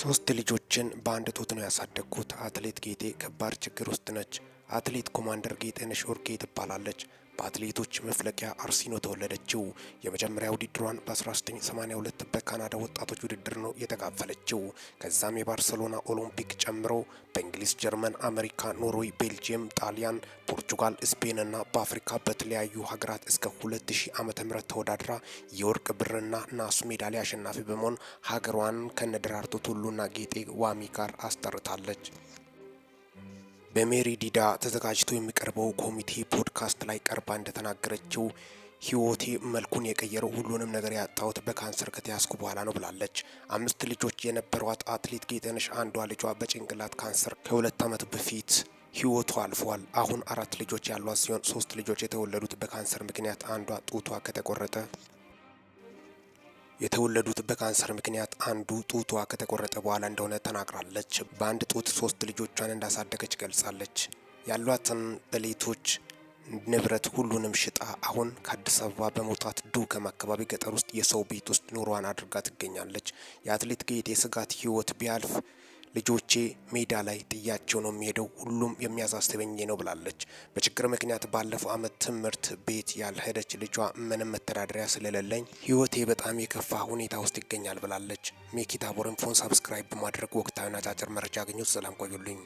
ሶስት ልጆችን በአንድ ቶት ነው ያሳደግኩት። አትሌት ጌጤ ከባድ ችግር ውስጥ ነች። አትሌት ኮማንደር ጌጤነሽ ኡርጌ ትባላለች። በአትሌቶች መፍለቂያ አርሲ ነው ተወለደችው። የመጀመሪያ ውድድሯን በ1982 በካናዳ ወጣቶች ውድድር ነው የተካፈለችው። ከዛም የባርሰሎና ኦሎምፒክ ጨምሮ በእንግሊዝ፣ ጀርመን፣ አሜሪካ፣ ኖርዌይ፣ ቤልጅየም፣ ጣሊያን፣ ፖርቹጋል፣ ስፔን እና በአፍሪካ በተለያዩ ሀገራት እስከ 2000 ዓ.ም ተወዳድራ የወርቅ ብርና ናሱ ሜዳሊያ አሸናፊ በመሆን ሀገሯን ከነደራርቱ ቱሉና ጌጤ ዋሚ ጋር አስጠርታለች። በሜሪ ዲዳ ተዘጋጅቶ የሚቀርበው ኮሚቴ ፖድካስት ላይ ቀርባ እንደተናገረችው ህይወቴ መልኩን የቀየረው ሁሉንም ነገር ያጣሁት በካንሰር ከተያዝኩ በኋላ ነው ብላለች። አምስት ልጆች የነበሯት አትሌት ጌጠነሽ አንዷ ልጇ በጭንቅላት ካንሰር ከሁለት ዓመት በፊት ህይወቱ አልፏል። አሁን አራት ልጆች ያሏት ሲሆን ሶስት ልጆች የተወለዱት በካንሰር ምክንያት አንዷ ጡቷ ከተቆረጠ የተወለዱት በካንሰር ምክንያት አንዱ ጡቷ ከተቆረጠ በኋላ እንደሆነ ተናግራለች። በአንድ ጡት ሶስት ልጆቿን እንዳሳደገች ገልጻለች። ያሏትን በሌቶች ንብረት ሁሉንም ሽጣ አሁን ከአዲስ አበባ በመውጣት ዱከም አካባቢ ገጠር ውስጥ የሰው ቤት ውስጥ ኑሯን አድርጋ ትገኛለች። የአትሌት ጌጤ ስጋት ህይወት ቢያልፍ ልጆቼ ሜዳ ላይ ጥያቸው ነው የሚሄደው፣ ሁሉም የሚያሳስበኝ ነው ብላለች። በችግር ምክንያት ባለፈው ዓመት ትምህርት ቤት ያልሄደች ልጇ ምንም መተዳደሪያ ስለሌለኝ ህይወቴ በጣም የከፋ ሁኔታ ውስጥ ይገኛል ብላለች። ሜኪታቦርን ፎን ሳብስክራይብ በማድረግ ወቅታዊና አጫጭር መረጃ ያገኙት። ሰላም ቆዩልኝ።